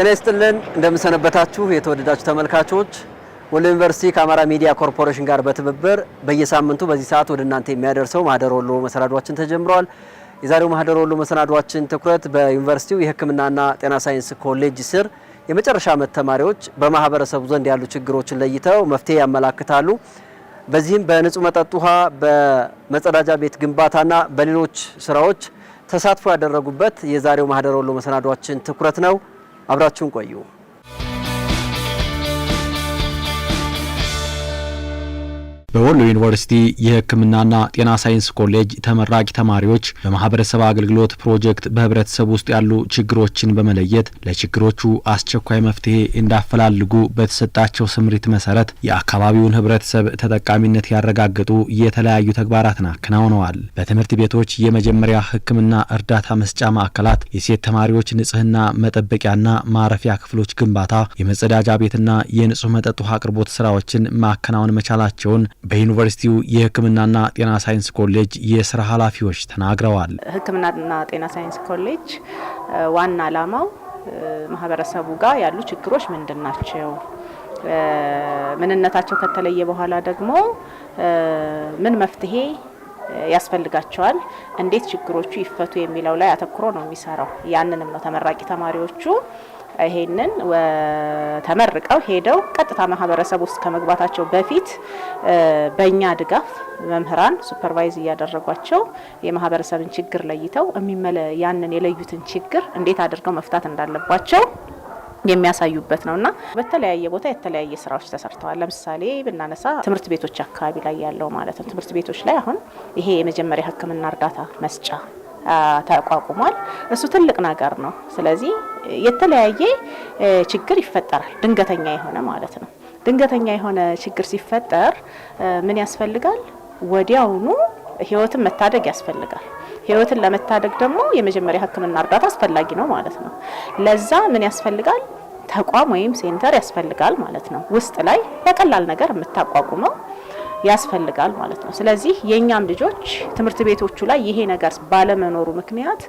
ጤና ይስጥልን እንደምንሰነበታችሁ የተወደዳችሁ ተመልካቾች፣ ወሎ ዩኒቨርሲቲ ከአማራ ሚዲያ ኮርፖሬሽን ጋር በትብብር በየሳምንቱ በዚህ ሰዓት ወደ እናንተ የሚያደርሰው ማህደር ወሎ መሰናዷችን ተጀምሯል። የዛሬው ማህደር ወሎ መሰናዷችን ትኩረት በዩኒቨርሲቲው የሕክምናና ጤና ሳይንስ ኮሌጅ ስር የመጨረሻ ዓመት ተማሪዎች በማህበረሰቡ ዘንድ ያሉ ችግሮችን ለይተው መፍትሄ ያመላክታሉ። በዚህም በንጹህ መጠጥ ውሃ፣ በመጸዳጃ ቤት ግንባታና በሌሎች ስራዎች ተሳትፎ ያደረጉበት የዛሬው ማህደር ወሎ መሰናዷችን ትኩረት ነው። አብራችሁን ቆዩ። በወሎ ዩኒቨርሲቲ የሕክምናና ጤና ሳይንስ ኮሌጅ ተመራቂ ተማሪዎች በማህበረሰብ አገልግሎት ፕሮጀክት በህብረተሰብ ውስጥ ያሉ ችግሮችን በመለየት ለችግሮቹ አስቸኳይ መፍትሄ እንዳፈላልጉ በተሰጣቸው ስምሪት መሰረት የአካባቢውን ህብረተሰብ ተጠቃሚነት ያረጋገጡ የተለያዩ ተግባራትን አከናውነዋል። በትምህርት ቤቶች የመጀመሪያ ሕክምና እርዳታ መስጫ ማዕከላት፣ የሴት ተማሪዎች ንጽህና መጠበቂያና ማረፊያ ክፍሎች ግንባታ፣ የመጸዳጃ ቤትና የንጹህ መጠጥ ውሃ አቅርቦት ስራዎችን ማከናወን መቻላቸውን በዩኒቨርሲቲው የሕክምናና ጤና ሳይንስ ኮሌጅ የስራ ኃላፊዎች ተናግረዋል። ሕክምናና ጤና ሳይንስ ኮሌጅ ዋና ዓላማው ማህበረሰቡ ጋር ያሉ ችግሮች ምንድን ናቸው፣ ምንነታቸው ከተለየ በኋላ ደግሞ ምን መፍትሄ ያስፈልጋቸዋል፣ እንዴት ችግሮቹ ይፈቱ የሚለው ላይ አተኩሮ ነው የሚሰራው። ያንንም ነው ተመራቂ ተማሪዎቹ ይሄንን ተመርቀው ሄደው ቀጥታ ማህበረሰብ ውስጥ ከመግባታቸው በፊት በእኛ ድጋፍ መምህራን ሱፐርቫይዝ እያደረጓቸው የማህበረሰብን ችግር ለይተው ያንን የለዩትን ችግር እንዴት አድርገው መፍታት እንዳለባቸው የሚያሳዩበት ነውና በተለያየ ቦታ የተለያየ ስራዎች ተሰርተዋል። ለምሳሌ ብናነሳ ትምህርት ቤቶች አካባቢ ላይ ያለው ማለት ነው። ትምህርት ቤቶች ላይ አሁን ይሄ የመጀመሪያ ሕክምና እርዳታ መስጫ ተቋቁሟል። እሱ ትልቅ ነገር ነው። ስለዚህ የተለያየ ችግር ይፈጠራል፣ ድንገተኛ የሆነ ማለት ነው። ድንገተኛ የሆነ ችግር ሲፈጠር ምን ያስፈልጋል? ወዲያውኑ ህይወትን መታደግ ያስፈልጋል። ህይወትን ለመታደግ ደግሞ የመጀመሪያ ሕክምና እርዳታ አስፈላጊ ነው ማለት ነው። ለዛ ምን ያስፈልጋል? ተቋም ወይም ሴንተር ያስፈልጋል ማለት ነው። ውስጥ ላይ በቀላል ነገር የምታቋቁመው ያስፈልጋል ማለት ነው። ስለዚህ የእኛም ልጆች ትምህርት ቤቶቹ ላይ ይሄ ነገር ባለመኖሩ ምክንያት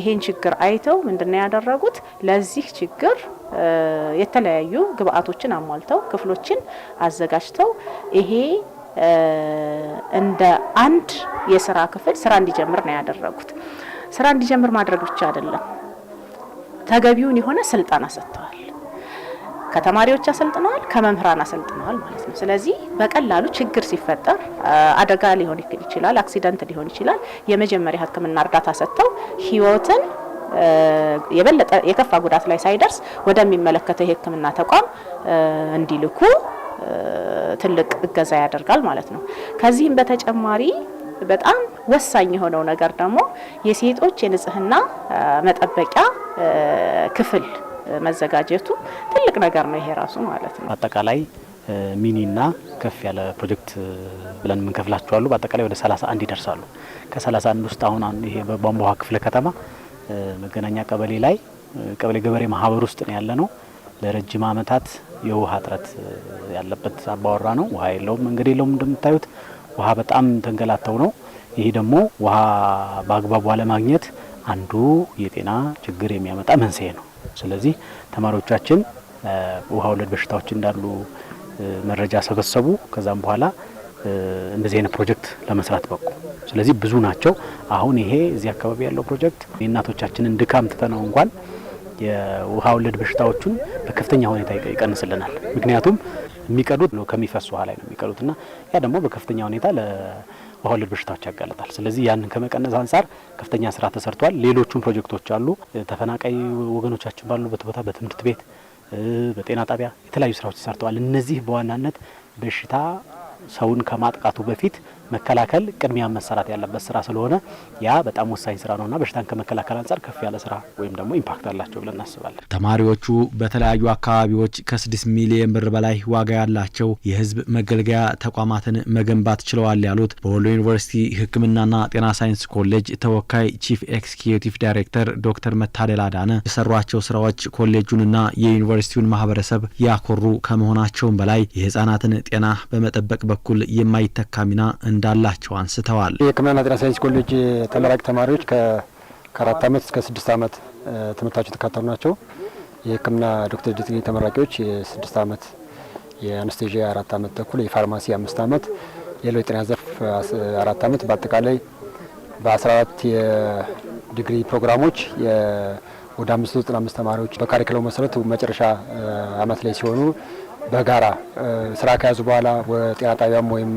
ይሄን ችግር አይተው ምንድነው ያደረጉት ለዚህ ችግር የተለያዩ ግብአቶችን አሟልተው ክፍሎችን አዘጋጅተው ይሄ እንደ አንድ የስራ ክፍል ስራ እንዲጀምር ነው ያደረጉት። ስራ እንዲጀምር ማድረግ ብቻ አይደለም፣ ተገቢውን የሆነ ስልጠና ሰጥተዋል። ከተማሪዎች አሰልጥነዋል፣ ከመምህራን አሰልጥነዋል ማለት ነው። ስለዚህ በቀላሉ ችግር ሲፈጠር አደጋ ሊሆን ይችላል፣ አክሲደንት ሊሆን ይችላል። የመጀመሪያ ሕክምና እርዳታ ሰጥተው ህይወትን የበለጠ የከፋ ጉዳት ላይ ሳይደርስ ወደሚመለከተው የሕክምና ተቋም እንዲልኩ ትልቅ እገዛ ያደርጋል ማለት ነው። ከዚህም በተጨማሪ በጣም ወሳኝ የሆነው ነገር ደግሞ የሴቶች የንጽህና መጠበቂያ ክፍል መዘጋጀቱ ትልቅ ነገር ነው ይሄ ራሱ ማለት ነው። አጠቃላይ ሚኒና ከፍ ያለ ፕሮጀክት ብለን የምንከፍላቸው አሉ። በአጠቃላይ ወደ 31 ይደርሳሉ። ከ31 ውስጥ አሁን ይሄ በቧንቧ ውሃ ክፍለ ከተማ መገናኛ ቀበሌ ላይ ቀበሌ ገበሬ ማህበር ውስጥ ነው ያለ ነው። ለረጅም ዓመታት የውሃ እጥረት ያለበት አባወራ ነው። ውሃ የለውም፣ መንገድ የለውም። እንደምታዩት ውሃ በጣም ተንገላተው ነው። ይሄ ደግሞ ውሃ በአግባቡ አለማግኘት አንዱ የጤና ችግር የሚያመጣ መንስኤ ነው። ስለዚህ ተማሪዎቻችን ውሃ ወለድ በሽታዎች እንዳሉ መረጃ ሰበሰቡ። ከዛም በኋላ እንደዚህ አይነት ፕሮጀክት ለመስራት በቁ። ስለዚህ ብዙ ናቸው። አሁን ይሄ እዚህ አካባቢ ያለው ፕሮጀክት የእናቶቻችንን ድካም ትተነው እንኳን የውሃ ወለድ በሽታዎቹን በከፍተኛ ሁኔታ ይቀንስልናል። ምክንያቱም የሚቀዱት ከሚፈስ ውሃ ላይ ነው የሚቀዱት እና ያ ደግሞ በከፍተኛ ሁኔታ በወለድ በሽታዎች ያጋለጣል። ስለዚህ ያንን ከመቀነስ አንጻር ከፍተኛ ስራ ተሰርቷል። ሌሎቹም ፕሮጀክቶች አሉ። ተፈናቃይ ወገኖቻችን ባሉበት ቦታ በትምህርት ቤት፣ በጤና ጣቢያ የተለያዩ ስራዎች ተሰርተዋል። እነዚህ በዋናነት በሽታ ሰውን ከማጥቃቱ በፊት መከላከል ቅድሚያ መሰራት ያለበት ስራ ስለሆነ ያ በጣም ወሳኝ ስራ ነውና በሽታን ከመከላከል አንጻር ከፍ ያለ ስራ ወይም ደግሞ ኢምፓክት አላቸው ብለን እናስባለን። ተማሪዎቹ በተለያዩ አካባቢዎች ከስድስት ሚሊየን ብር በላይ ዋጋ ያላቸው የህዝብ መገልገያ ተቋማትን መገንባት ችለዋል ያሉት በወሎ ዩኒቨርሲቲ ሕክምናና ጤና ሳይንስ ኮሌጅ ተወካይ ቺፍ ኤክስኪዩቲቭ ዳይሬክተር ዶክተር መታደል አዳነ የሰሯቸው ስራዎች ኮሌጁንና የዩኒቨርሲቲውን ማህበረሰብ ያኮሩ ከመሆናቸውም በላይ የህጻናትን ጤና በመጠበቅ በኩል የማይተካ ሚና እንዳላቸው አንስተዋል። የሕክምናና ጤና ሳይንስ ኮሌጅ ተመራቂ ተማሪዎች ከአራት ዓመት እስከ ስድስት ዓመት ትምህርታቸው የተካተሉ ናቸው። የሕክምና ዶክተር ዲግሪ ተመራቂዎች የስድስት ዓመት፣ የአነስቴዥያ አራት ዓመት ተኩል፣ የፋርማሲ አምስት ዓመት፣ የሌሎች ጤና ዘርፍ አራት ዓመት በአጠቃላይ በ14 የዲግሪ ፕሮግራሞች ወደ አምስት ተማሪዎች በካሪክለው መሰረት መጨረሻ አመት ላይ ሲሆኑ በጋራ ስራ ከያዙ በኋላ ጤና ጣቢያም ወይም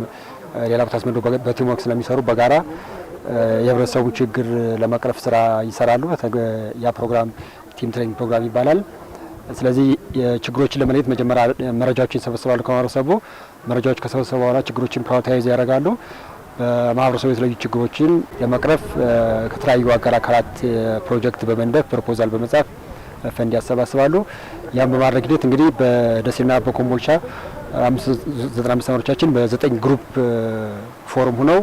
ሌላ ቦታ አስመዶ በቲም ለሚሰሩ ስለሚሰሩ በጋራ የህብረተሰቡ ችግር ለመቅረፍ ስራ ይሰራሉ። ያ ፕሮግራም ቲም ትሬኒንግ ፕሮግራም ይባላል። ስለዚህ ችግሮችን ለመለየት መጀመሪያ መረጃዎችን ይሰበስባሉ ከማህበረሰቡ። መረጃዎች ከሰበሰቡ በኋላ ችግሮችን ፕራዮሪታይዝ ያደርጋሉ። በማህበረሰቡ የተለዩ ችግሮችን ለመቅረፍ ከተለያዩ አጋር አካላት ፕሮጀክት በመንደፍ ፕሮፖዛል በመጻፍ ፈንድ ያሰባስባሉ። ያም በማድረግ ሂደት እንግዲህ በደሴና በኮምቦልቻ 95 ተማሪዎቻችን በዘጠኝ ግሩፕ ፎርም ሆነው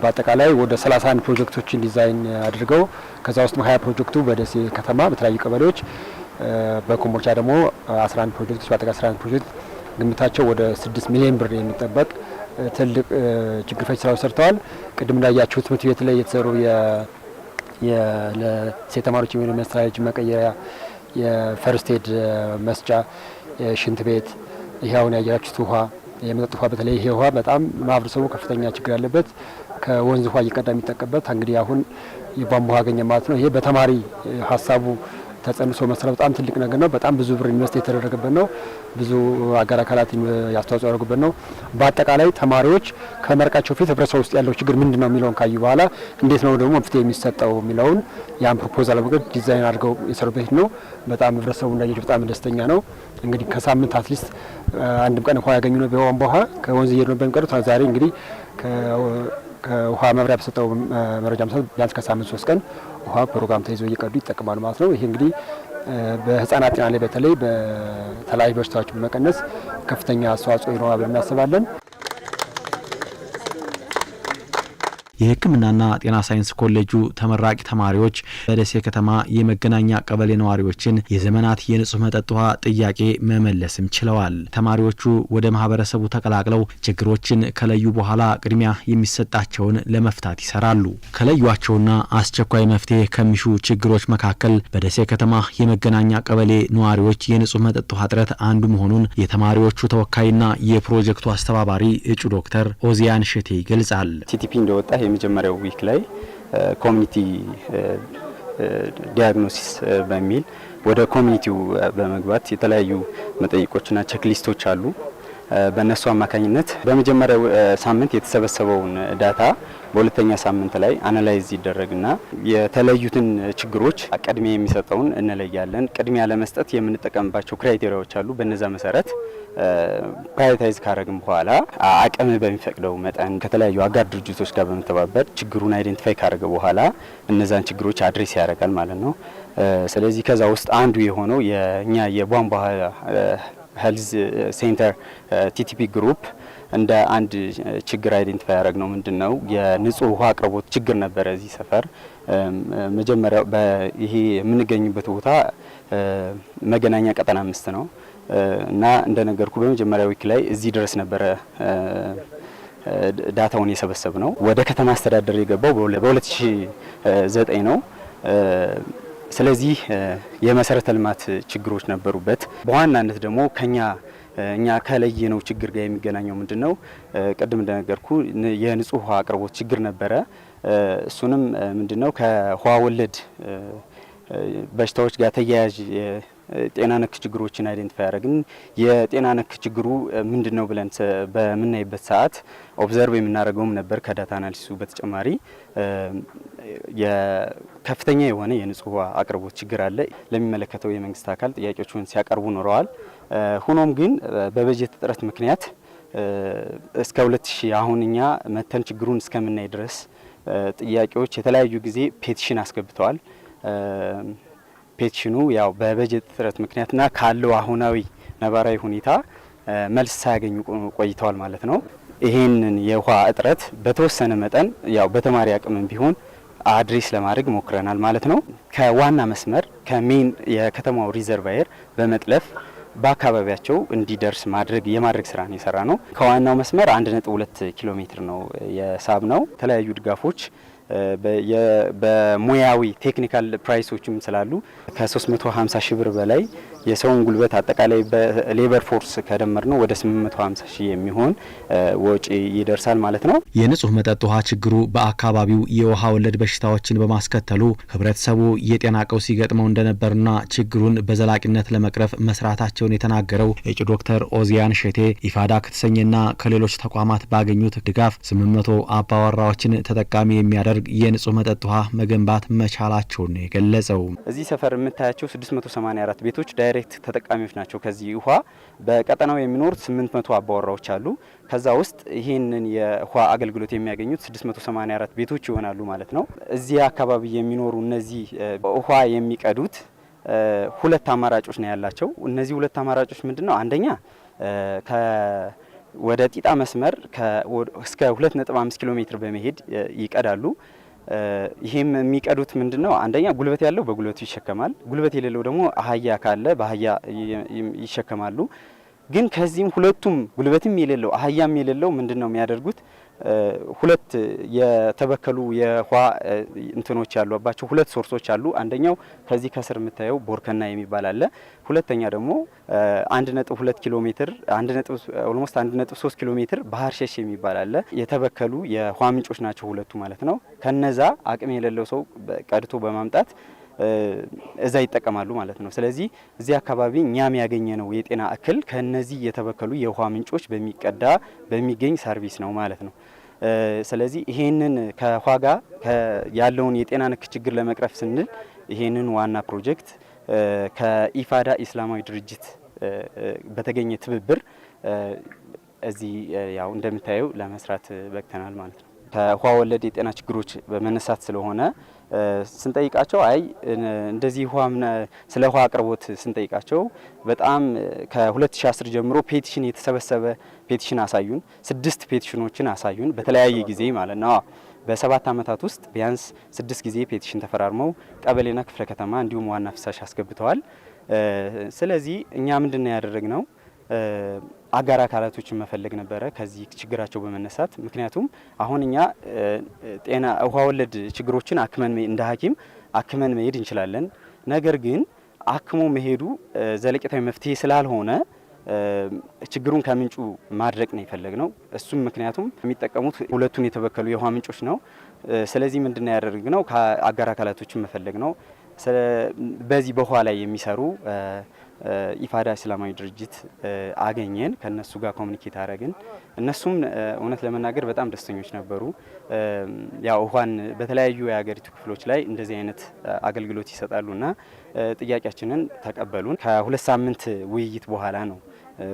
በአጠቃላይ ወደ 31 ፕሮጀክቶችን ዲዛይን አድርገው ከዛ ውስጥ 20 ፕሮጀክቱ በደሴ ከተማ በተለያዩ ቀበሌዎች በኮምቦልቻ ደግሞ 11 ፕሮጀክቶች በአጠቃላይ 11 ፕሮጀክት ግምታቸው ወደ 6 ሚሊዮን ብር የሚጠበቅ ትልቅ ችግር ፈች ስራዎች ሰርተዋል። ቅድም እንዳያችሁ ትምህርት ቤት ላይ የተሰሩ ለሴት ተማሪዎች የሚሆኑ መስተዳጅ መቀየሪያ፣ የፈርስቴድ መስጫ፣ ሽንት ቤት ይሄ አሁን ያያችሁት ውሃ የመጠጥ ውሃ በተለይ ይሄ ውሃ በጣም ማህበረሰቡ ከፍተኛ ችግር ያለበት ከወንዝ ውሃ እየቀዳ የሚጠቀምበት እንግዲህ አሁን የቧንቧ ውሃ አገኘ ማለት ነው። ይሄ በተማሪ ሀሳቡ ተጸንሶ መስራት በጣም ትልቅ ነገር ነው። በጣም ብዙ ብር ኢንቨስት የተደረገበት ነው። ብዙ አገር አካላት ያስተዋጽኦ ያደረጉበት ነው። በአጠቃላይ ተማሪዎች ከመርቃቸው ፊት ህብረተሰብ ውስጥ ያለው ችግር ምንድን ነው የሚለውን ካዩ በኋላ እንዴት ነው ደግሞ መፍትሄ የሚሰጠው የሚለውን ያን ፕሮፖዛል መንገድ ዲዛይን አድርገው የሰሩበት ነው። በጣም ህብረተሰቡ እንዳየች በጣም ደስተኛ ነው። እንግዲህ ከሳምንት አትሊስት አንድም ቀን ውሃ ያገኙ ነው። በቧንቧ ውሃ ከወንዝ እየሄዱ ነበር የሚቀሩት። ዛሬ እንግዲህ ከውሃ መብሪያ በሰጠው መረጃ መሰረት ቢያንስ ከሳምንት ሶስት ቀን ውሃ ፕሮግራም ተይዞ እየቀዱ ይጠቀማሉ ማለት ነው። ይሄ እንግዲህ በህጻናት ጤና ላይ በተለይ በተለያዩ በሽታዎች በመቀነስ ከፍተኛ አስተዋጽኦ ይኖራል ብለን እናስባለን። የሕክምናና ጤና ሳይንስ ኮሌጁ ተመራቂ ተማሪዎች በደሴ ከተማ የመገናኛ ቀበሌ ነዋሪዎችን የዘመናት የንጹህ መጠጥ ውሃ ጥያቄ መመለስም ችለዋል። ተማሪዎቹ ወደ ማህበረሰቡ ተቀላቅለው ችግሮችን ከለዩ በኋላ ቅድሚያ የሚሰጣቸውን ለመፍታት ይሰራሉ። ከለዩቸውና አስቸኳይ መፍትሄ ከሚሹ ችግሮች መካከል በደሴ ከተማ የመገናኛ ቀበሌ ነዋሪዎች የንጹህ መጠጥ ውሃ እጥረት አንዱ መሆኑን የተማሪዎቹ ተወካይና የፕሮጀክቱ አስተባባሪ እጩ ዶክተር ኦዚያን ሸቴ ይገልጻል። ሲቲፒ እንደወጣ የመጀመሪያው ዊክ ላይ ኮሚኒቲ ዲያግኖሲስ በሚል ወደ ኮሚኒቲው በመግባት የተለያዩ መጠይቆችና ቸክሊስቶች አሉ። በእነሱ አማካኝነት በመጀመሪያ ሳምንት የተሰበሰበውን ዳታ በሁለተኛ ሳምንት ላይ አናላይዝ ይደረግና የተለዩትን ችግሮች ቅድሚያ የሚሰጠውን እንለያለን። ቅድሚያ ለመስጠት የምንጠቀምባቸው ክራይቴሪያዎች አሉ። በነዛ መሰረት ፕራዮሪታይዝ ካረግም በኋላ አቅም በሚፈቅደው መጠን ከተለያዩ አጋር ድርጅቶች ጋር በመተባበር ችግሩን አይደንቲፋይ ካረገ በኋላ እነዛን ችግሮች አድሬስ ያደርጋል ማለት ነው። ስለዚህ ከዛ ውስጥ አንዱ የሆነው የእኛ የቧንቧ ሄልዝ ሴንተር ቲቲፒ ግሩፕ እንደ አንድ eh, ችግር አይደንቲፋይ ነው ምንድን ነው የንጹህ ውሃ አቅርቦት ችግር ነበረ እዚህ ሰፈር። መጀመሪያ ይሄ የምንገኝበት ቦታ eh, መገናኛ ቀጠና አምስት ነው eh, እና እንደነገርኩ በመጀመሪያ ዊክ ላይ እዚህ ድረስ ነበረ ዳታውን የሰበሰብ ነው። ወደ ከተማ አስተዳደር የገባው በ2009 ነው። ስለዚህ የመሰረተ ልማት ችግሮች ነበሩበት። በዋናነት ደግሞ ከኛ እኛ ከለየነው ችግር ጋር የሚገናኘው ምንድን ነው? ቅድም እንደነገርኩ የንጹህ ውሃ አቅርቦት ችግር ነበረ። እሱንም ምንድን ነው ከውሃ ወለድ በሽታዎች ጋር ተያያዥ ጤና ነክ ችግሮችን አይደንቲፋይ ያደረግን የጤና ነክ ችግሩ ምንድን ነው ብለን በምናይበት ሰዓት ኦብዘርቭ የምናደርገውም ነበር። ከዳታ አናሊሲሱ በተጨማሪ ከፍተኛ የሆነ የንጹህ ውሃ አቅርቦት ችግር አለ። ለሚመለከተው የመንግስት አካል ጥያቄዎችን ሲያቀርቡ ኖረዋል። ሆኖም ግን በበጀት እጥረት ምክንያት እስከ 2000 አሁን እኛ መተን ችግሩን እስከምናይ ድረስ ጥያቄዎች የተለያዩ ጊዜ ፔቲሽን አስገብተዋል። ፔቲሽኑ ያው በበጀት እጥረት ምክንያትና ካለው አሁናዊ ነባራዊ ሁኔታ መልስ ሳያገኙ ቆይተዋል ማለት ነው። ይህንን የውሃ እጥረት በተወሰነ መጠን ያው በተማሪ አቅምም ቢሆን አድሬስ ለማድረግ ሞክረናል ማለት ነው። ከዋና መስመር ከሜን የከተማው ሪዘርቫየር በመጥለፍ በአካባቢያቸው እንዲደርስ ማድረግ የማድረግ ስራ ነው የሰራ ነው። ከዋናው መስመር 1.2 ኪሎ ሜትር ነው የሳብ ነው። የተለያዩ ድጋፎች በሙያዊ ቴክኒካል ፕራይሶችም ስላሉ ከ350 ሺህ ብር በላይ የሰውን ጉልበት አጠቃላይ በሌበር ፎርስ ከደመር ነው ወደ 850 ሺህ የሚሆን ወጪ ይደርሳል ማለት ነው። የንጹህ መጠጥ ውሃ ችግሩ በአካባቢው የውሃ ወለድ በሽታዎችን በማስከተሉ ህብረተሰቡ የጤና ቀውስ ሲገጥመው እንደነበርና ችግሩን በዘላቂነት ለመቅረፍ መስራታቸውን የተናገረው የእጩ ዶክተር ኦዚያን ሼቴ ኢፋዳ ከተሰኘና ከሌሎች ተቋማት ባገኙት ድጋፍ 800 አባወራዎችን ተጠቃሚ የሚያደርግ የንጹህ መጠጥ ውሃ መገንባት መቻላቸውን ነው የገለጸው። እዚህ ሰፈር የምታያቸው 684 ቤቶች ዳይሬክት ተጠቃሚዎች ናቸው። ከዚህ ውሃ በቀጠናው የሚኖሩ 800 አባወራዎች አሉ። ከዛ ውስጥ ይህንን የውሃ አገልግሎት የሚያገኙት 684 ቤቶች ይሆናሉ ማለት ነው። እዚህ አካባቢ የሚኖሩ እነዚህ ውሃ የሚቀዱት ሁለት አማራጮች ነው ያላቸው። እነዚህ ሁለት አማራጮች ምንድን ነው? አንደኛ ወደ ጢጣ መስመር እስከ 2.5 ኪሎ ሜትር በመሄድ ይቀዳሉ። ይህም የሚቀዱት ምንድነው? አንደኛ ጉልበት ያለው በጉልበቱ ይሸከማል። ጉልበት የሌለው ደግሞ አህያ ካለ በአህያ ይሸከማሉ። ግን ከዚህም ሁለቱም ጉልበትም የሌለው አህያም የሌለው ምንድነው የሚያደርጉት? ሁለት የተበከሉ የውሃ እንትኖች ያሏባቸው ሁለት ሶርሶች አሉ። አንደኛው ከዚህ ከስር የምታየው ቦርከና የሚባል አለ። ሁለተኛ ደግሞ 1.2 ኪሎ ሜትር 1.3 ኦልሞስት 1.3 ኪሎ ሜትር ባህር ሸሽ የሚባል አለ። የተበከሉ የውሃ ምንጮች ናቸው ሁለቱ ማለት ነው። ከነዛ አቅም የሌለው ሰው ቀድቶ በማምጣት እዛ ይጠቀማሉ ማለት ነው። ስለዚህ እዚህ አካባቢ እኛም ያገኘ ነው የጤና እክል ከነዚህ የተበከሉ የውሃ ምንጮች በሚቀዳ በሚገኝ ሰርቪስ ነው ማለት ነው። ስለዚህ ይሄንን ከውሃ ጋር ያለውን የጤና ንክ ችግር ለመቅረፍ ስንል ይሄንን ዋና ፕሮጀክት ከኢፋዳ ኢስላማዊ ድርጅት በተገኘ ትብብር እዚህ ያው እንደምታየው ለመስራት በቅተናል ማለት ነው። ከውሃ ወለድ የጤና ችግሮች በመነሳት ስለሆነ ስንጠይቃቸው አይ እንደዚህ ስለ ውሃ አቅርቦት ስንጠይቃቸው በጣም ከ2010 ጀምሮ ፔቲሽን የተሰበሰበ ፔቲሽን አሳዩን። ስድስት ፔቲሽኖችን አሳዩን በተለያየ ጊዜ ማለት ነው። በሰባት ዓመታት ውስጥ ቢያንስ ስድስት ጊዜ ፔቲሽን ተፈራርመው ቀበሌና ክፍለ ከተማ እንዲሁም ዋና ፍሳሽ አስገብተዋል። ስለዚህ እኛ ምንድን ነው ያደረግ ነው አጋር አካላቶችን መፈለግ ነበረ ከዚህ ችግራቸው በመነሳት ምክንያቱም አሁን እኛ ጤና ውሃ ወለድ ችግሮችን አክመን እንደ ሐኪም አክመን መሄድ እንችላለን። ነገር ግን አክሞ መሄዱ ዘለቄታዊ መፍትሄ ስላልሆነ ችግሩን ከምንጩ ማድረቅ ነው ነው። እሱም ምክንያቱም የሚጠቀሙት ሁለቱን የተበከሉ የውሃ ምንጮች ነው። ስለዚህ ያደርግ ነው ከአጋር አካላቶችን መፈለግ ነው። በዚህ በውሃ ላይ የሚሰሩ ኢፋዳ እስላማዊ ድርጅት አገኘን። ከነሱ ጋር ኮሚኒኬት አረግን። እነሱም እውነት ለመናገር በጣም ደስተኞች ነበሩ። ያው ውሃን በተለያዩ የሀገሪቱ ክፍሎች ላይ እንደዚህ አይነት አገልግሎት ይሰጣሉና ጥያቄያችንን ተቀበሉን። ከሁለት ሳምንት ውይይት በኋላ ነው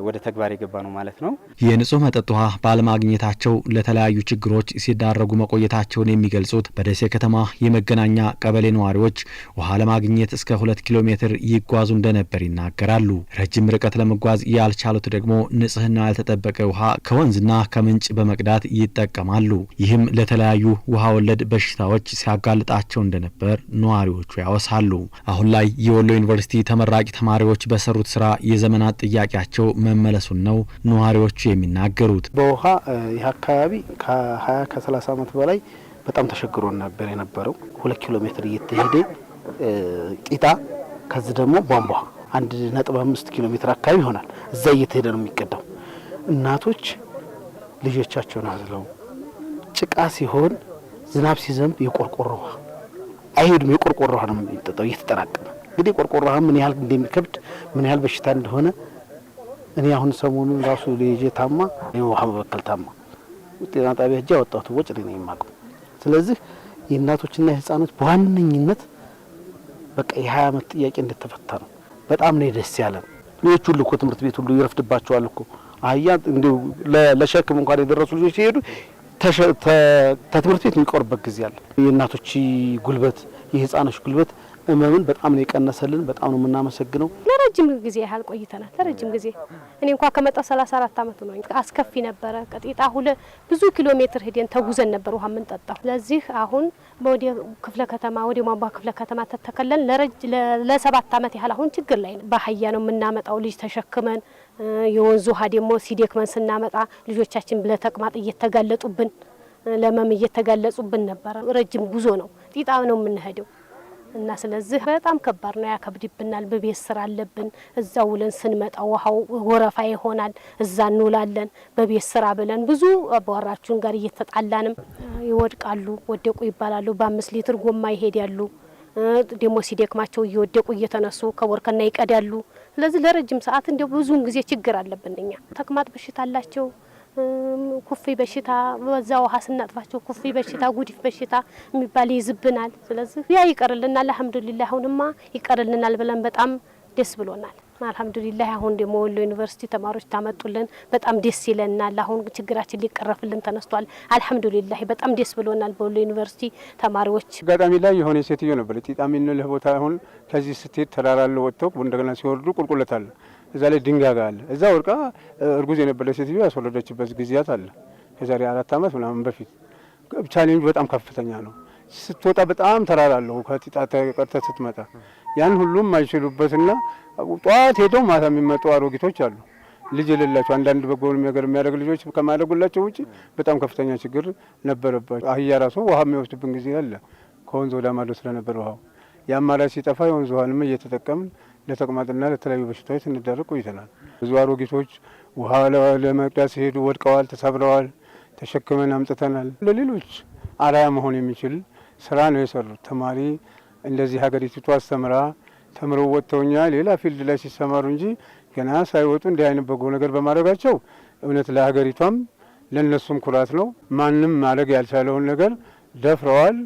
ወደ ተግባር የገባ ነው ማለት ነው። የንጹህ መጠጥ ውሃ ባለማግኘታቸው ለተለያዩ ችግሮች ሲዳረጉ መቆየታቸውን የሚገልጹት በደሴ ከተማ የመገናኛ ቀበሌ ነዋሪዎች ውሃ ለማግኘት እስከ ሁለት ኪሎ ሜትር ይጓዙ እንደነበር ይናገራሉ። ረጅም ርቀት ለመጓዝ ያልቻሉት ደግሞ ንጽህና ያልተጠበቀ ውሃ ከወንዝና ከምንጭ በመቅዳት ይጠቀማሉ። ይህም ለተለያዩ ውሃ ወለድ በሽታዎች ሲያጋልጣቸው እንደነበር ነዋሪዎቹ ያወሳሉ። አሁን ላይ የወሎ ዩኒቨርሲቲ ተመራቂ ተማሪዎች በሰሩት ስራ የዘመናት ጥያቄያቸው መመለሱን ነው ነዋሪዎቹ የሚናገሩት። በውሃ ይህ አካባቢ ከሀያ ከሰላሳ ዓመት በላይ በጣም ተሸግሮን ነበር የነበረው። ሁለት ኪሎ ሜትር እየተሄደ ቂጣ ከዚህ ደግሞ ቧንቧ አንድ ነጥብ አምስት ኪሎ ሜትር አካባቢ ይሆናል። እዛ እየተሄደ ነው የሚቀዳው። እናቶች ልጆቻቸውን አዝለው ጭቃ ሲሆን ዝናብ ሲዘንብ የቆርቆሮ ውሃ አይሄድም። የቆርቆሮ ውሃ ነው የሚጠጣው እየተጠራቀመ። እንግዲህ የቆርቆሮ ውሃ ምን ያህል እንደሚከብድ ምን ያህል በሽታ እንደሆነ እኔ አሁን ሰሞኑ ራሱ ልጄ ታማ ውሃ መበከል ታማ ጤና ጣቢያ እጃ ያወጣሁት ወጭ ነው የማውቀው። ስለዚህ የእናቶችና የህፃኖች በዋነኝነት በቃ የሀያ ዓመት ጥያቄ እንደተፈታ ነው። በጣም ነው ደስ ያለን። ልጆች ሁሉ እኮ ትምህርት ቤት ሁሉ ይረፍድባቸዋል እኮ አህያ እንዲሁ ለሸክም እንኳን የደረሱ ልጆች ሲሄዱ ከትምህርት ቤት የሚቆርበት ጊዜ አለ። የእናቶች ጉልበት፣ የህፃኖች ጉልበት እመምን በጣም ነው የቀነሰልን። በጣም ነው የምናመሰግነው። ለረጅም ጊዜ ያህል ቆይተናል። ለረጅም ጊዜ እኔ እንኳ ከመጣሁ ሰላሳ አመት ነው። አስከፊ ነበረ። ቀጤጣ ሁለ ብዙ ኪሎ ሜትር ሄደን ተጉዘን ነበር ውሃ የምንጠጣው። ስለዚህ አሁን ወደ ክፍለ ከተማ ወደ ሟቧ ክፍለ ከተማ ተተከለን ለሰባት አመት ያህል አሁን ችግር ላይ ነው። በአህያ ነው የምናመጣው ልጅ ተሸክመን የወንዙ ውሃ ደግሞ ሲደክመን ስናመጣ ልጆቻችን ለተቅማጥ እየተጋለጡብን ለመም እየተጋለጹብን ነበረ። ረጅም ጉዞ ነው። ጢጣ ነው የምንሄደው። እና ስለዚህ በጣም ከባድ ነው፣ ያከብድብናል። በቤት ስራ አለብን። እዛ ውለን ስንመጣ ውሃው ወረፋ ይሆናል። እዛ እንውላለን በቤት ስራ ብለን ብዙ አባወራችሁን ጋር እየተጣላንም ይወድቃሉ። ወደቁ ይባላሉ። በአምስት ሊትር ጎማ ይሄዳሉ። ደግሞ ሲደክማቸው እየወደቁ እየተነሱ ከቦርከና ይቀዳሉ። ስለዚህ ለረጅም ሰዓት እንደ ብዙውን ጊዜ ችግር አለብን እኛ። ተቅማጥ በሽታ አላቸው ኩፊ በሽታ በዛ ውሃ ስናጥፋቸው ኩፊ በሽታ፣ ጉዲፍ በሽታ የሚባል ይዝብናል። ስለዚህ ያ ይቀርልናል። አልሐምዱሊላህ አሁንማ ይቀርልናል ብለን በጣም ደስ ብሎናል። አልሐምዱሊላህ አሁን ደሞ ወሎ ዩኒቨርሲቲ ተማሪዎች ታመጡልን፣ በጣም ደስ ይለናል። አሁን ችግራችን ሊቀረፍልን ተነስቷል። አልሐምዱሊላህ በጣም ደስ ብሎናል። በወሎ ዩኒቨርሲቲ ተማሪዎች አጋጣሚ ላይ የሆነ ሴትዮ ነበር ጢጣሚ ንልህ ቦታ አሁን ከዚህ ስትሄድ ተራራለ ወጥተው እንደገና ሲወርዱ ቁልቁለት አለ እዛ ላይ ድንጋይ ጋር አለ። እዛ ወርቃ እርጉዝ የነበረ ሴትዮ ያስወለደችበት ጊዜያት አለ። ከዛሬ አራት ዓመት ምናምን በፊት ቻሌንጅ በጣም ከፍተኛ ነው። ስትወጣ በጣም ተራራለሁ። አለው ቀርተ ስትመጣ ያን ሁሉም አይችሉበትና ጠዋት ሄደው ማታ የሚመጡ አሮጊቶች አሉ። ልጅ የሌላቸው አንዳንድ በጎ ነገር የሚያደርግ ልጆች ከማያደርጉላቸው ውጭ በጣም ከፍተኛ ችግር ነበረባቸው። አህያ ራሱ ውሃ የሚወስድብን ጊዜ አለ። ከወንዝ ወደ ማዶ ስለነበር ውሃው የአማራጭ ሲጠፋ የወንዝ ውሃንም እየተጠቀምን ለተቅማጥና ለተለያዩ በሽታዎች ስንዳረግ ቆይተናል። ብዙ አሮጊቶች ውሃ ለመቅዳት ሲሄዱ ወድቀዋል፣ ተሰብረዋል፣ ተሸክመን አምጥተናል። ለሌሎች አርአያ መሆን የሚችል ስራ ነው የሰሩት። ተማሪ እንደዚህ ሀገሪቱ አስተምራ ተምረው ወጥተውኛ ሌላ ፊልድ ላይ ሲሰማሩ እንጂ ገና ሳይወጡ እንዲህ አይነት በጎ ነገር በማድረጋቸው እውነት ለሀገሪቷም ለእነሱም ኩራት ነው። ማንም ማድረግ ያልቻለውን ነገር ደፍረዋል።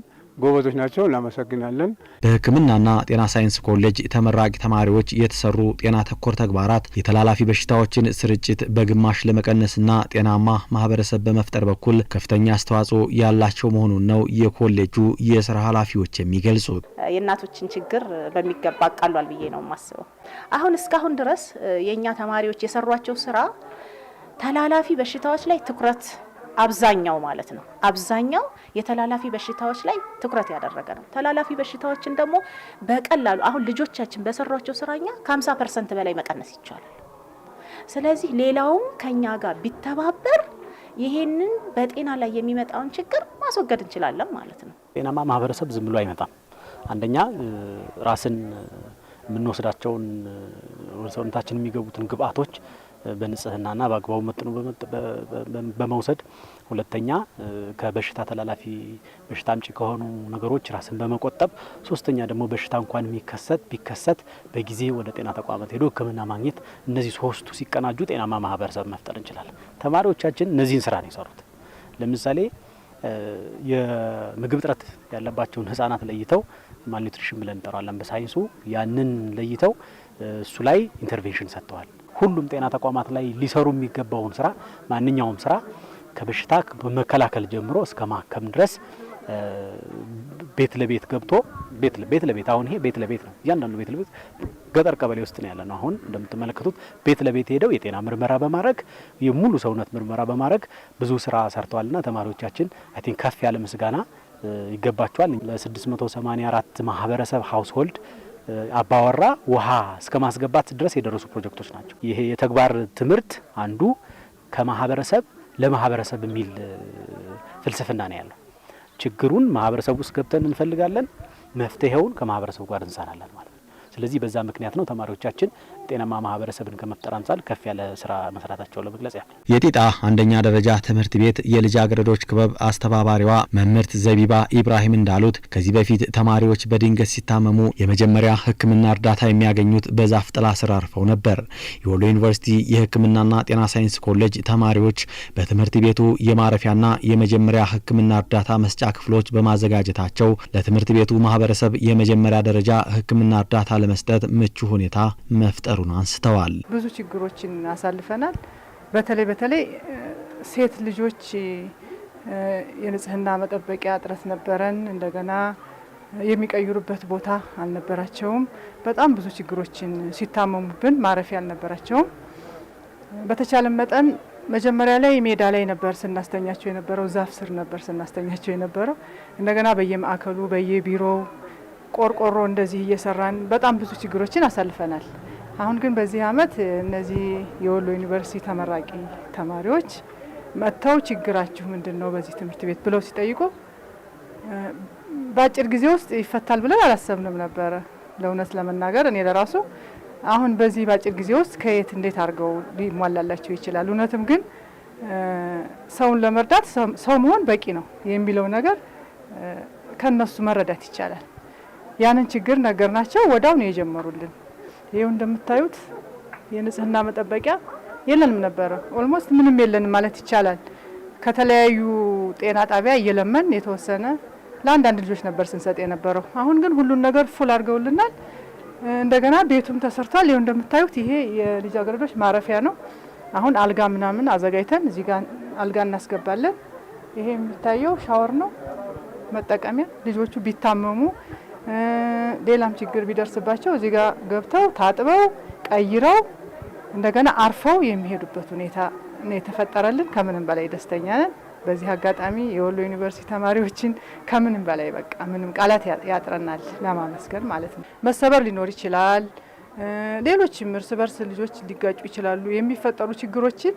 ጎበዞች ናቸው። እናመሰግናለን። በሕክምናና ጤና ሳይንስ ኮሌጅ ተመራቂ ተማሪዎች የተሰሩ ጤና ተኮር ተግባራት የተላላፊ በሽታዎችን ስርጭት በግማሽ ለመቀነስና ጤናማ ማህበረሰብ በመፍጠር በኩል ከፍተኛ አስተዋጽኦ ያላቸው መሆኑን ነው የኮሌጁ የስራ ኃላፊዎች የሚገልጹት። የእናቶችን ችግር በሚገባ አቃሏል ብዬ ነው የማስበው። አሁን እስካሁን ድረስ የእኛ ተማሪዎች የሰሯቸው ስራ ተላላፊ በሽታዎች ላይ ትኩረት አብዛኛው ማለት ነው አብዛኛው የተላላፊ በሽታዎች ላይ ትኩረት ያደረገ ነው። ተላላፊ በሽታዎችን ደግሞ በቀላሉ አሁን ልጆቻችን በሰሯቸው ስራኛ ከ50 ፐርሰንት በላይ መቀነስ ይቻላል። ስለዚህ ሌላውም ከኛ ጋር ቢተባበር ይሄንን በጤና ላይ የሚመጣውን ችግር ማስወገድ እንችላለን ማለት ነው። ጤናማ ማህበረሰብ ዝም ብሎ አይመጣም። አንደኛ ራስን የምንወስዳቸውን ወደ ሰውነታችን የሚገቡትን ግብአቶች በንጽህናና በአግባቡ መጥኖ በመውሰድ ሁለተኛ ከበሽታ ተላላፊ በሽታ አምጪ ከሆኑ ነገሮች ራስን በመቆጠብ ሶስተኛ ደግሞ በሽታ እንኳን የሚከሰት ቢከሰት በጊዜ ወደ ጤና ተቋማት ሄዶ ሕክምና ማግኘት እነዚህ ሶስቱ ሲቀናጁ ጤናማ ማህበረሰብ መፍጠር እንችላለን። ተማሪዎቻችን እነዚህን ስራ ነው የሰሩት። ለምሳሌ የምግብ እጥረት ያለባቸውን ህጻናት ለይተው ማልኒትሪሽን ብለን እንጠራለን በሳይንሱ ያንን ለይተው እሱ ላይ ኢንተርቬንሽን ሰጥተዋል። ሁሉም ጤና ተቋማት ላይ ሊሰሩ የሚገባውን ስራ ማንኛውም ስራ ከበሽታ በመከላከል ጀምሮ እስከ ማከም ድረስ ቤት ለቤት ገብቶ ቤት ለቤት ለቤት አሁን ይሄ ቤት ለቤት ነው። እያንዳንዱ ቤት ለቤት ገጠር ቀበሌ ውስጥ ነው ያለ ነው። አሁን እንደምትመለከቱት ቤት ለቤት ሄደው የጤና ምርመራ በማድረግ የሙሉ ሰውነት ምርመራ በማድረግ ብዙ ስራ ሰርተዋልና ተማሪዎቻችን አይ ቲንክ ከፍ ያለ ምስጋና ይገባቸዋል። ለ684 ማህበረሰብ ሀውስሆልድ አባወራ ውሃ እስከ ማስገባት ድረስ የደረሱ ፕሮጀክቶች ናቸው። ይሄ የተግባር ትምህርት አንዱ ከማህበረሰብ ለማህበረሰብ የሚል ፍልስፍና ነው ያለው። ችግሩን ማህበረሰብ ውስጥ ገብተን እንፈልጋለን፣ መፍትሄውን ከማህበረሰቡ ጋር እንሰራለን ማለት ነው። ስለዚህ በዛ ምክንያት ነው ተማሪዎቻችን ጤናማ ማህበረሰብን ከመፍጠር አንጻር ከፍ ያለ ስራ መስራታቸውን ለመግለጽ ያህል የጢጣ አንደኛ ደረጃ ትምህርት ቤት የልጃገረዶች ክበብ አስተባባሪዋ መምህርት ዘቢባ ኢብራሂም እንዳሉት ከዚህ በፊት ተማሪዎች በድንገት ሲታመሙ የመጀመሪያ ሕክምና እርዳታ የሚያገኙት በዛፍ ጥላ ስር አርፈው ነበር። የወሎ ዩኒቨርሲቲ የሕክምናና ጤና ሳይንስ ኮሌጅ ተማሪዎች በትምህርት ቤቱ የማረፊያና የመጀመሪያ ሕክምና እርዳታ መስጫ ክፍሎች በማዘጋጀታቸው ለትምህርት ቤቱ ማህበረሰብ የመጀመሪያ ደረጃ ሕክምና እርዳታ ለመስጠት ምቹ ሁኔታ መፍጠሩ መኖሩን አንስተዋል። ብዙ ችግሮችን አሳልፈናል። በተለይ በተለይ ሴት ልጆች የንጽህና መጠበቂያ እጥረት ነበረን። እንደገና የሚቀይሩበት ቦታ አልነበራቸውም። በጣም ብዙ ችግሮችን ሲታመሙብን ማረፊያ አልነበራቸውም። በተቻለ መጠን መጀመሪያ ላይ ሜዳ ላይ ነበር ስናስተኛቸው የነበረው፣ ዛፍ ስር ነበር ስናስተኛቸው የነበረው። እንደገና በየማዕከሉ በየቢሮው ቆርቆሮ እንደዚህ እየሰራን በጣም ብዙ ችግሮችን አሳልፈናል። አሁን ግን በዚህ አመት እነዚህ የወሎ ዩኒቨርሲቲ ተመራቂ ተማሪዎች መጥተው ችግራችሁ ምንድን ነው በዚህ ትምህርት ቤት ብለው ሲጠይቁ በአጭር ጊዜ ውስጥ ይፈታል ብለን አላሰብንም ነበረ። ለእውነት ለመናገር እኔ ለራሱ አሁን በዚህ በአጭር ጊዜ ውስጥ ከየት እንዴት አድርገው ሊሟላላቸው ይችላል? እውነትም ግን ሰውን ለመርዳት ሰው መሆን በቂ ነው የሚለው ነገር ከነሱ መረዳት ይቻላል። ያንን ችግር ነገር ናቸው ወዳው ነው የጀመሩልን። ይኸው እንደምታዩት የንጽህና መጠበቂያ የለንም ነበረ። ኦልሞስት ምንም የለንም ማለት ይቻላል። ከተለያዩ ጤና ጣቢያ እየለመን የተወሰነ ለአንዳንድ ልጆች ነበር ስንሰጥ የነበረው። አሁን ግን ሁሉን ነገር ፉል አድርገውልናል። እንደገና ቤቱም ተሰርቷል። ይኸው እንደምታዩት ይሄ የልጃገረዶች ማረፊያ ነው። አሁን አልጋ ምናምን አዘጋጅተን እዚህ ጋር አልጋ እናስገባለን። ይሄ የሚታየው ሻወር ነው መጠቀሚያ ልጆቹ ቢታመሙ ሌላም ችግር ቢደርስባቸው እዚህ ጋር ገብተው ታጥበው ቀይረው እንደገና አርፈው የሚሄዱበት ሁኔታ ነው የተፈጠረልን። ከምንም በላይ ደስተኛ ነን። በዚህ አጋጣሚ የወሎ ዩኒቨርሲቲ ተማሪዎችን ከምንም በላይ በቃ ምንም ቃላት ያጥረናል ለማመስገን ማለት ነው። መሰበር ሊኖር ይችላል። ሌሎችም እርስ በርስ ልጆች ሊጋጩ ይችላሉ። የሚፈጠሩ ችግሮችን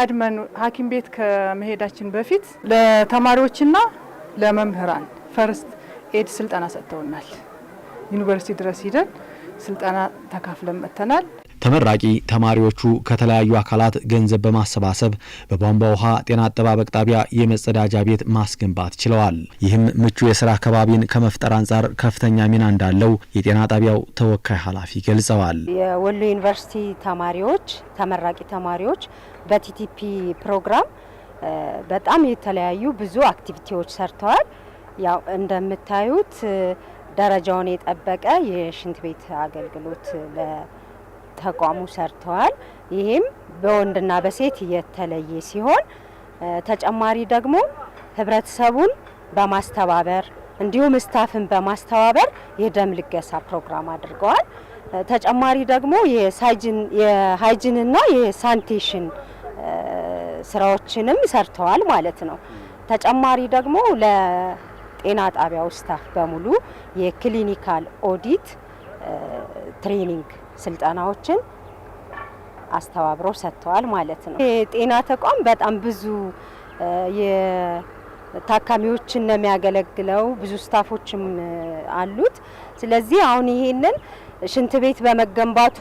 ቀድመን ሐኪም ቤት ከመሄዳችን በፊት ለተማሪዎችና ለመምህራን ፈርስት ኤድ ስልጠና ሰጥተውናል። ዩኒቨርሲቲ ድረስ ሂደን ስልጠና ተካፍለን መጥተናል። ተመራቂ ተማሪዎቹ ከተለያዩ አካላት ገንዘብ በማሰባሰብ በቧንቧ ውሃ ጤና አጠባበቅ ጣቢያ የመጸዳጃ ቤት ማስገንባት ችለዋል። ይህም ምቹ የስራ አካባቢን ከመፍጠር አንጻር ከፍተኛ ሚና እንዳለው የጤና ጣቢያው ተወካይ ኃላፊ ገልጸዋል። የወሎ ዩኒቨርሲቲ ተማሪዎች ተመራቂ ተማሪዎች በቲቲፒ ፕሮግራም በጣም የተለያዩ ብዙ አክቲቪቲዎች ሰርተዋል። ያው እንደምታዩት ደረጃውን የጠበቀ የሽንት ቤት አገልግሎት ለተቋሙ ሰርተዋል። ይህም በወንድና በሴት የተለየ ሲሆን ተጨማሪ ደግሞ ህብረተሰቡን በማስተባበር እንዲሁም ስታፍን በማስተባበር የደም ልገሳ ፕሮግራም አድርገዋል። ተጨማሪ ደግሞ የሀይጅንና የሳኒቴሽን ስራዎችንም ሰርተዋል ማለት ነው። ተጨማሪ ደግሞ የጤና ጣቢያው ስታፍ በሙሉ የክሊኒካል ኦዲት ትሬኒንግ ስልጠናዎችን አስተባብረው ሰጥተዋል ማለት ነው። የጤና ተቋም በጣም ብዙ ታካሚዎችን ነው የሚያገለግለው። ብዙ ስታፎችም አሉት። ስለዚህ አሁን ይሄንን ሽንት ቤት በመገንባቱ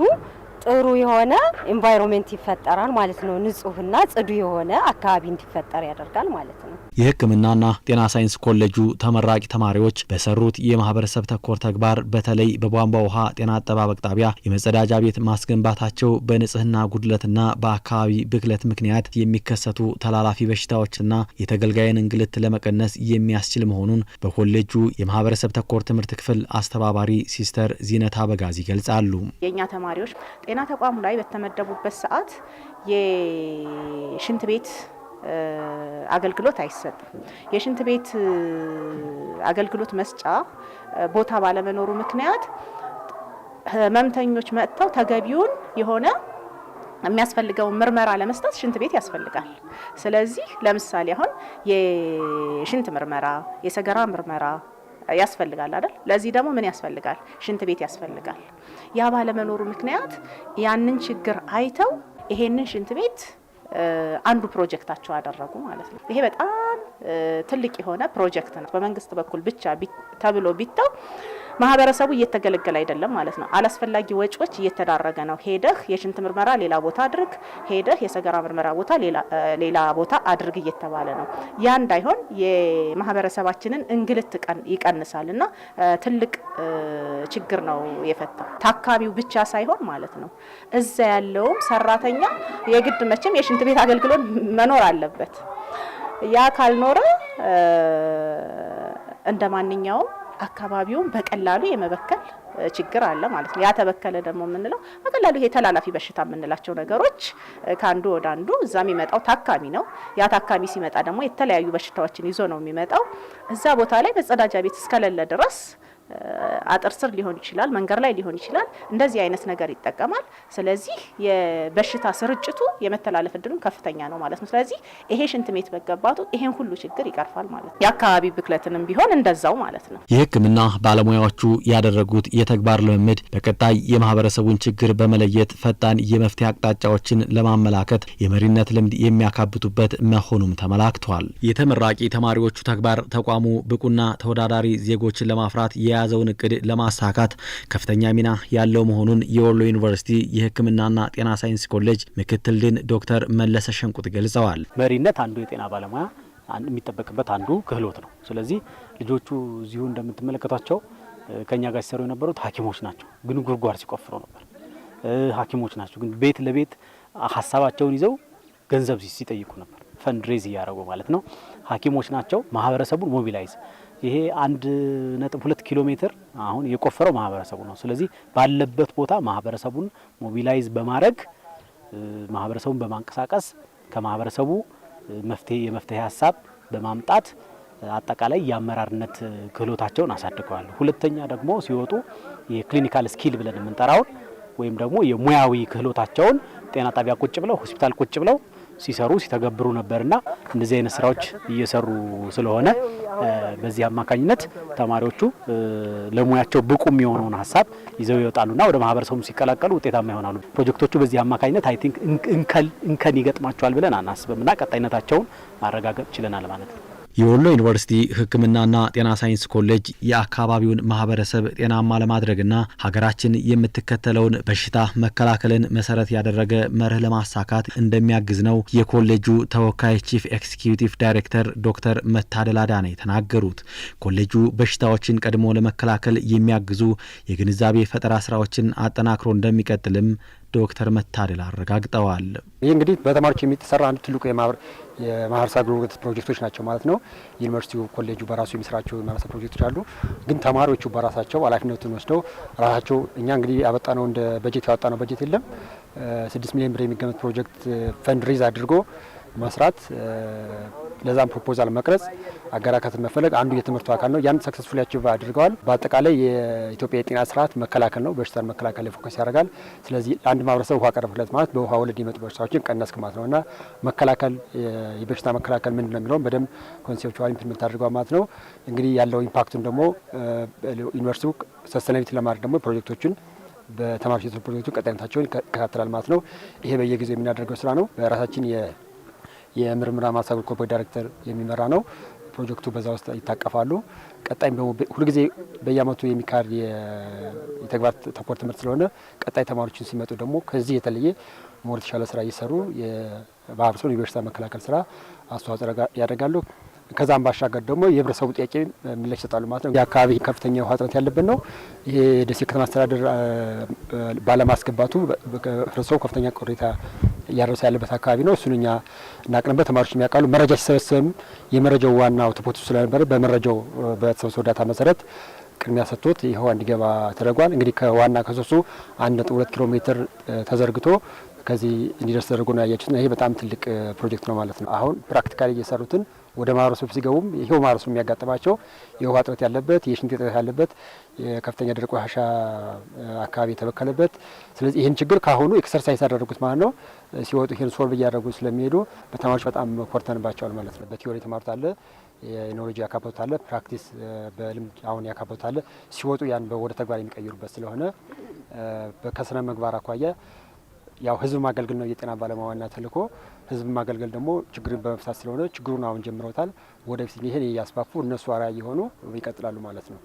ጥሩ የሆነ ኤንቫይሮንመንት ይፈጠራል ማለት ነው። ንጹህና ጽዱ የሆነ አካባቢ እንዲፈጠር ያደርጋል ማለት ነው። የሕክምናና ጤና ሳይንስ ኮሌጁ ተመራቂ ተማሪዎች በሰሩት የማህበረሰብ ተኮር ተግባር በተለይ በቧንቧ ውሃ ጤና አጠባበቅ ጣቢያ የመጸዳጃ ቤት ማስገንባታቸው በንጽህና ጉድለትና በአካባቢ ብክለት ምክንያት የሚከሰቱ ተላላፊ በሽታዎችና የተገልጋይን እንግልት ለመቀነስ የሚያስችል መሆኑን በኮሌጁ የማህበረሰብ ተኮር ትምህርት ክፍል አስተባባሪ ሲስተር ዚነት አበጋዝ ይገልጻሉ። የእኛ ተማሪዎች ጤና ተቋሙ ላይ በተመደቡበት ሰዓት የሽንት ቤት አገልግሎት አይሰጥም። የሽንት ቤት አገልግሎት መስጫ ቦታ ባለመኖሩ ምክንያት ህመምተኞች መጥተው ተገቢውን የሆነ የሚያስፈልገውን ምርመራ ለመስጠት ሽንት ቤት ያስፈልጋል። ስለዚህ ለምሳሌ አሁን የሽንት ምርመራ፣ የሰገራ ምርመራ ያስፈልጋል አይደል? ለዚህ ደግሞ ምን ያስፈልጋል? ሽንት ቤት ያስፈልጋል። ያ ባለመኖሩ ምክንያት ያንን ችግር አይተው ይሄንን ሽንት ቤት አንዱ ፕሮጀክታቸው አደረጉ ማለት ነው። ይሄ በጣም ትልቅ የሆነ ፕሮጀክት ነው። በመንግስት በኩል ብቻ ተብሎ ቢተው ማህበረሰቡ እየተገለገለ አይደለም ማለት ነው። አላስፈላጊ ወጪዎች እየተዳረገ ነው። ሄደህ የሽንት ምርመራ ሌላ ቦታ አድርግ፣ ሄደህ የሰገራ ምርመራ ቦታ ሌላ ቦታ አድርግ እየተባለ ነው። ያ እንዳይሆን የማህበረሰባችንን እንግልት ይቀንሳል እና ትልቅ ችግር ነው የፈታ ታካሚው ብቻ ሳይሆን ማለት ነው እዛ ያለውም ሰራተኛ የግድ መቼም የሽንት ቤት አገልግሎት መኖር አለበት። ያ ካልኖረ እንደ ማንኛውም አካባቢውን በቀላሉ የመበከል ችግር አለ ማለት ነው። ያተበከለ ደግሞ የምንለው በቀላሉ ይሄ ተላላፊ በሽታ የምንላቸው ነገሮች ከአንዱ ወደ አንዱ እዛ የሚመጣው ታካሚ ነው። ያ ታካሚ ሲመጣ ደግሞ የተለያዩ በሽታዎችን ይዞ ነው የሚመጣው። እዛ ቦታ ላይ መጸዳጃ ቤት እስከሌለ ድረስ አጥር ስር ሊሆን ይችላል፣ መንገድ ላይ ሊሆን ይችላል። እንደዚህ አይነት ነገር ይጠቀማል። ስለዚህ የበሽታ ስርጭቱ የመተላለፍ እድሉም ከፍተኛ ነው ማለት ነው። ስለዚህ ይሄ ሽንት ቤት መገባቱ ይሄን ሁሉ ችግር ይቀርፋል ማለት ነው። የአካባቢ ብክለትንም ቢሆን እንደዛው ማለት ነው። የሕክምና ባለሙያዎቹ ያደረጉት የተግባር ልምምድ በቀጣይ የማህበረሰቡን ችግር በመለየት ፈጣን የመፍትሄ አቅጣጫዎችን ለማመላከት የመሪነት ልምድ የሚያካብቱበት መሆኑም ተመላክቷል። የተመራቂ ተማሪዎቹ ተግባር ተቋሙ ብቁና ተወዳዳሪ ዜጎችን ለማፍራት የ የያዘውን እቅድ ለማሳካት ከፍተኛ ሚና ያለው መሆኑን የወሎ ዩኒቨርሲቲ የሕክምናና ጤና ሳይንስ ኮሌጅ ምክትል ድን ዶክተር መለሰ ሸንቁት ገልጸዋል። መሪነት አንዱ የጤና ባለሙያ የሚጠበቅበት አንዱ ክህሎት ነው። ስለዚህ ልጆቹ እዚሁ እንደምትመለከቷቸው ከኛ ጋር ሲሰሩ የነበሩት ሐኪሞች ናቸው፣ ግን ጉርጓር ሲቆፍሩ ነበር። ሐኪሞች ናቸው፣ ግን ቤት ለቤት ሀሳባቸውን ይዘው ገንዘብ ሲጠይቁ ነበር። ፈንድሬዝ እያደረጉ ማለት ነው። ሐኪሞች ናቸው። ማህበረሰቡን ሞቢላይዝ ይሄ አንድ ነጥብ ሁለት ኪሎ ሜትር አሁን የቆፈረው ማህበረሰቡ ነው። ስለዚህ ባለበት ቦታ ማህበረሰቡን ሞቢላይዝ በማድረግ ማህበረሰቡን በማንቀሳቀስ ከማህበረሰቡ መፍትሄ የመፍትሄ ሀሳብ በማምጣት አጠቃላይ የአመራርነት ክህሎታቸውን አሳድገዋል። ሁለተኛ ደግሞ ሲወጡ የክሊኒካል ስኪል ብለን የምንጠራውን ወይም ደግሞ የሙያዊ ክህሎታቸውን ጤና ጣቢያ ቁጭ ብለው ሆስፒታል ቁጭ ብለው ሲሰሩ ሲተገብሩ ነበርና እንደዚህ አይነት ስራዎች እየሰሩ ስለሆነ በዚህ አማካኝነት ተማሪዎቹ ለሙያቸው ብቁ የሚሆነውን ሀሳብ ይዘው ይወጣሉና ወደ ማህበረሰቡ ሲቀላቀሉ ውጤታማ ይሆናሉ። ፕሮጀክቶቹ በዚህ አማካኝነት አይ ቲንክ እንከን ይገጥማቸዋል ብለን አናስብምና ቀጣይነታቸውን ማረጋገጥ ችለናል ማለት ነው። የወሎ ዩኒቨርሲቲ ሕክምናና ጤና ሳይንስ ኮሌጅ የአካባቢውን ማህበረሰብ ጤናማ ለማድረግና ሀገራችን የምትከተለውን በሽታ መከላከልን መሰረት ያደረገ መርህ ለማሳካት እንደሚያግዝ ነው የኮሌጁ ተወካይ ቺፍ ኤክስኪዩቲቭ ዳይሬክተር ዶክተር መታደል አዳነ የተናገሩት። ኮሌጁ በሽታዎችን ቀድሞ ለመከላከል የሚያግዙ የግንዛቤ ፈጠራ ስራዎችን አጠናክሮ እንደሚቀጥልም ዶክተር መታደል አረጋግጠዋል። ይህ እንግዲህ በተማሪዎች የሚሰራ አንድ ትልቁ የማህበረሰብ አገልግሎት ፕሮጀክቶች ናቸው ማለት ነው። ዩኒቨርሲቲው ኮሌጁ በራሱ የሚሰራቸው የማህበረሰብ ፕሮጀክቶች አሉ። ግን ተማሪዎቹ በራሳቸው ኃላፊነቱን ወስደው ራሳቸው እኛ እንግዲህ ያበጣነው እንደ በጀት ነው በጀት የለም ስድስት ሚሊዮን ብር የሚገመት ፕሮጀክት ፈንድሪዝ አድርጎ መስራት ለዛም ፕሮፖዛል መቅረጽ አገራካትን መፈለግ አንዱ የትምህርቱ አካል ነው። ያን ሰክሰስፉል ያቺቭ አድርገዋል። በአጠቃላይ የኢትዮጵያ የጤና ስርዓት መከላከል ነው፣ በሽታን መከላከል ላይ ፎከስ ያደርጋል። ስለዚህ ለአንድ ማህበረሰብ ውሃ ቀረብለት ማለት በውሃ ወለድ የመጡ በሽታዎችን ቀነስክ ማለት ነው እና መከላከል የበሽታ መከላከል ምንድን ነው የሚለውን በደንብ ኮንሴፕቹዋል ኢምፕሊመንት አድርገዋል ማለት ነው። እንግዲህ ያለው ኢምፓክቱን ደግሞ ዩኒቨርስቲው ሰስተናቢት ለማድረግ ደግሞ ፕሮጀክቶችን በተማሪዎች ፕሮጀክቱ ቀጣይነታቸውን ይከታተላል ማለት ነው። ይሄ በየጊዜው የምናደርገው ስራ ነው። በራሳችን የምርምራ ማሳ ኮርፖሬት ዳይሬክተር የሚመራ ነው። ፕሮጀክቱ በዛ ውስጥ ይታቀፋሉ። ቀጣይም ደግሞ ሁልጊዜ በየአመቱ የሚካሄድ የተግባር ተኮር ትምህርት ስለሆነ ቀጣይ ተማሪዎችን ሲመጡ ደግሞ ከዚህ የተለየ ሞር የተሻለ ስራ እየሰሩ የማህበረሰቡን የበሽታ መከላከል ስራ አስተዋጽኦ ያደርጋሉ። ከዛም ባሻገር ደግሞ የህብረተሰቡ ጥያቄ ምላሽ ይሰጣሉ ማለት ነው። የአካባቢ ከፍተኛ ውሃ እጥረት ያለብን ነው። የደሴ ከተማ አስተዳደር ባለማስገባቱ ህብረተሰቡ ከፍተኛ ቅሬታ እያደረሰ ያለበት አካባቢ ነው። እሱን እኛ እናቅንበት። ተማሪዎች የሚያውቃሉ። መረጃ ሲሰበሰብም የመረጃው ዋናው ትኩረቱ ስለነበረ በመረጃው በተሰበሰበ ዳታ መሰረት ቅድሚያ ሰጥቶት ይኸው እንዲገባ ተደርጓል። እንግዲህ ከዋና ከሰሱ አንድ ነጥብ ሁለት ኪሎ ሜትር ተዘርግቶ ከዚህ እንዲደርስ ተደርጎ ነው ያያችሁት። ይሄ በጣም ትልቅ ፕሮጀክት ነው ማለት ነው። አሁን ፕራክቲካሊ እየሰሩትን ወደ ማህበረሰቡ ሲገቡም ይሄው ማህበረሰቡ የሚያጋጥማቸው የውሃ እጥረት ያለበት፣ የሽንት እጥረት ያለበት፣ የከፍተኛ ደረቅ ቆሻሻ አካባቢ የተበከለበት። ስለዚህ ይህን ችግር ካሁኑ ኤክሰርሳይዝ ያደረጉት ማለት ነው። ሲወጡ ይህን ሶልቭ እያደረጉ ስለሚሄዱ በተማሪዎች በጣም ኮርተንባቸዋል ማለት ነው። በቲዮሪ የተማሩት አለ የኖሎጂ ያካበቱት አለ፣ ፕራክቲስ በልምድ አሁን ያካበቱት አለ። ሲወጡ ያን ወደ ተግባር የሚቀይሩበት ስለሆነ ከስነ ምግባር አኳያ ያው ህዝብ ማገልገል ነው የጤና ባለሙያና ዋና ተልእኮ። ህዝብ ማገልገል ደግሞ ችግርን በመፍታት ስለሆነ ችግሩን አሁን ጀምረውታል። ወደፊት ይሄን እያስፋፉ እነሱ አራ እየሆኑ ይቀጥላሉ ማለት ነው።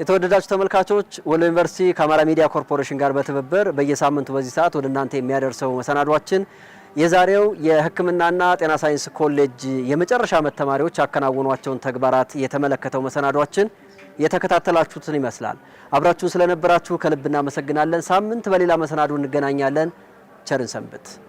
የተወደዳችሁ ተመልካቾች ወሎ ዩኒቨርሲቲ ከአማራ ሚዲያ ኮርፖሬሽን ጋር በትብብር በየሳምንቱ በዚህ ሰዓት ወደ እናንተ የሚያደርሰው መሰናዷችን የዛሬው የሕክምናና ጤና ሳይንስ ኮሌጅ የመጨረሻ ዓመት ተማሪዎች ያከናወኗቸውን ተግባራት የተመለከተው መሰናዷችን የተከታተላችሁትን ይመስላል። አብራችሁ ስለነበራችሁ ከልብ እናመሰግናለን። ሳምንት በሌላ መሰናዶ እንገናኛለን። ቸርን ሰንብት።